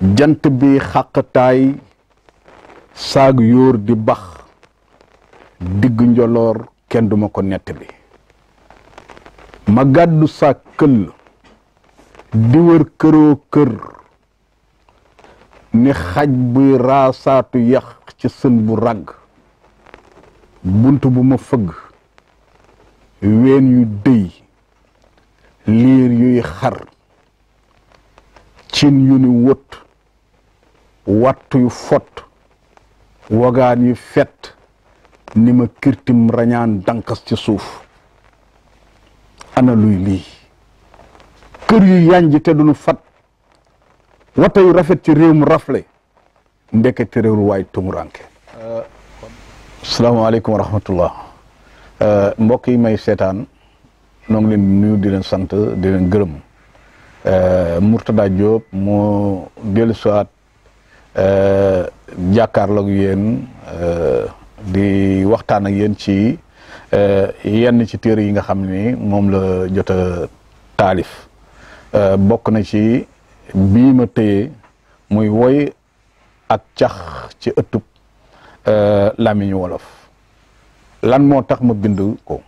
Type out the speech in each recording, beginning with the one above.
jant bi xàqtaay saag yóor di bax diggu njoloor kenn duma ko nettali ma gàddu saag këll di wër këroo kër ni xaj buy rasaatu yax ci sën bu ràgg bunt bu ma fëgg ween yu dëy liir yuy xar cin yu ni wët wattu yu fot wogaan yu fet ni ma kirtim rañaan dankas ci suuf ana luy lii kër yu yànj te duñu fat wata yu rafet ci réew mu rafle ndekete réew waay tumuranke asalaamaaleykum wa rahmatullah euh, mbokk yi may seetaan noo ngi leen nuyu di leen sant di leen gërëm euh, Mourtada Diop moo dellu siwaat Euh, jàkkaarloog yéen euh, di waxtaan ak yéen ci euh, yenn ci téere yi nga xam ni moom la jot a taalif bokk na ci bii ma téye muy woy ak cax ci ëttub làmmiñu wolof lan moo tax ma bind ko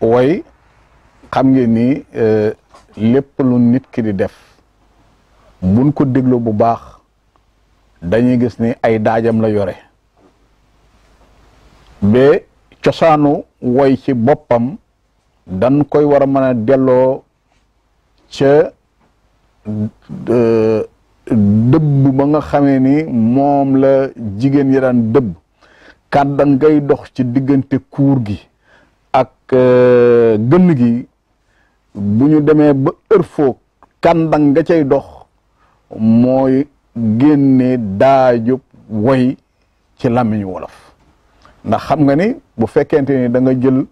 woy xam ngeen ni lépp lu nit ki di def buñ ko déglu bu baax dañuy gis ni ay daajam la yore ba cosaanu woy ci boppam dan koy war a mën a delloo ca euh, dëbb ba nga xamee ni moom la jigéen yi daan dëbb kàddan ngay dox ci diggante kuur gi ak euh, gënn gi bu ñu demee ba ër foo kàndan nga cay dox mooy génne daajub woy ci làmmiñu wolof ndax xam nga ni bu fekkente ni danga jël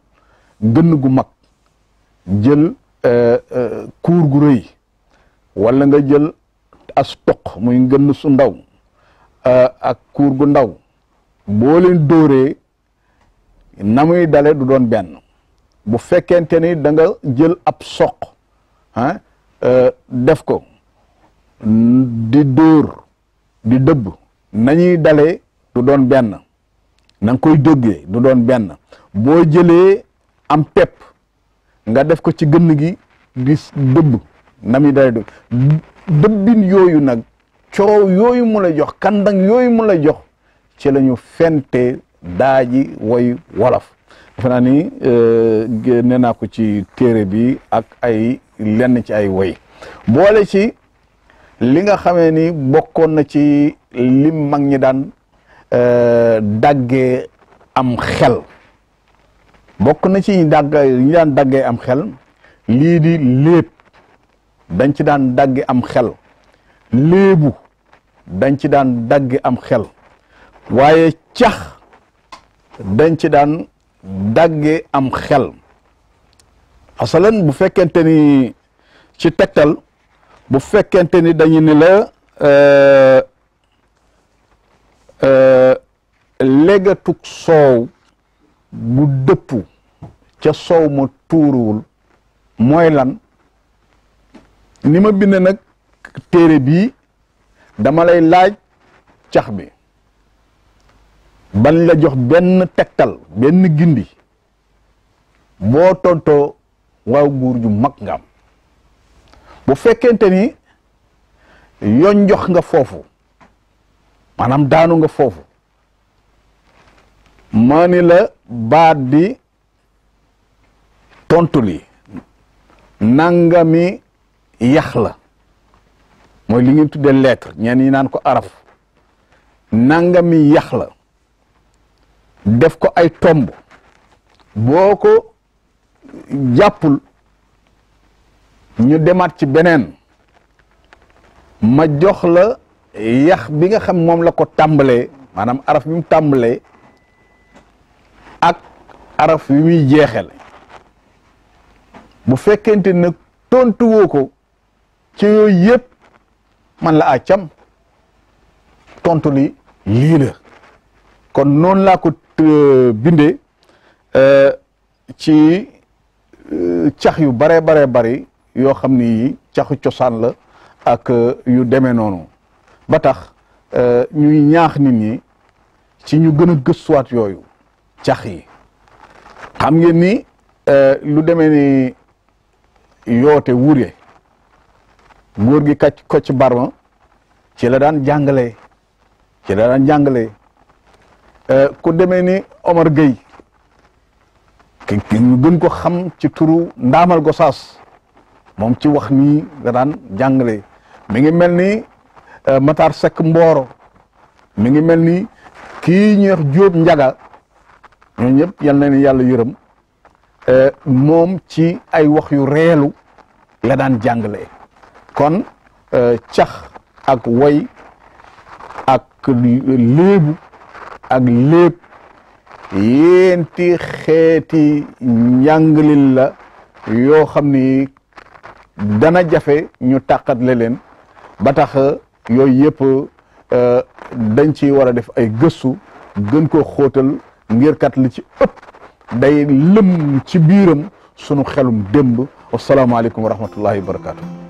gënn gu mag jël euh, euh, kuur gu rëy wala nga jël as toq muy gënn su ndaw euh, ak kuur gu ndaw boo leen dóoree na dale du doon benn bu fekkente ni danga jël ab soq ah def ko di dóor di dëbb nañuy dale du doon benn na koy dóggee du doon benn boo jëlee am pepp nga def ko ci gënn gi di dëbb nami muy dalee du dëbbin yooyu nag coow yooyu mu la jox kandang yooyu mu la jox ci la ñu fente daaji woy wolof defe naa ni euh, nee naa ko ci téere bi ak ay lenn ci ay woy boole ci li nga xamee ni bokkoon na ci lim mag ñi daan euh, daggee am xel bokk na ci dàgg daan daggee am xel lii di léeb dañ ci daan dagge am xel léebu dañ ci daan dagge am xel waaye cax dañ ci daan dagge am xel asalan bu fekkente ni ci tegtal bu fekkente ni dañu ni la euh, euh, légatug soow bu dëpp ca soow ma tuuruwul mooy lan ni ma bind nag téere bii dama lay laaj cax bi bañ la jox benn tegtal benn gindi boo tontoo waaw nguur ju mag ngam bu fekkente ni yoon jox nga foofu maanaam daanu nga foofu maa ni la baat bi tontu li nangami yax la mooy li ngeen tuddee lettre ñenn ñi naan ko araf nangami yax la def ko ay tomb boo ko jàppul ñu demaat ci beneen ma jox la yax bi nga xam moom la ko tàmbalee maanaam araf bi mu tàmbalee ak araf bi muy jeexel bu fekkente nag tontuwoo ko ci yépp yëpp man la àccam tontu li lii la kon noonu laa ko euh, bindee euh, ci euh, cax yu bare bare bari yoo xam ni yi caxu cosaan la ak euh, yu deme noonu ba tax euh, ñuy ñaax nit ñi ci ñu gën a gëstuwaat yooyu cax yi xam ngeen ni euh, lu demee ni yoote wure góor gi kàcc kocc barma ci la daan jàngale ci la daan jàngale ku demee ni Omar Gueye ñu gën ko xam ci turu Ndaamal Gosaas moom ci wax nii nga daan jàngale mi ngi mel ni euh, Matar Seck Mboro mi ngi mel ni kii ñuy wax Njaga ñoo ñëpp yal na yàlla yërëm euh, moom ci ay wax yu reelu la daan jàngale kon euh, cax ak woy ak léebu ak léeb yéenti xeeti njàngalin la yoo xam ni dana jafe ñu tàqatle leen ba tax euh, yooyu yëpp euh, dañ ci war a def ay gëstu gën ko xóotal ngir kat li ci ëpp day lëm ci biiram sunu xelum démb wasalaamaaleykum wa rahmatullahi wa barakaatu.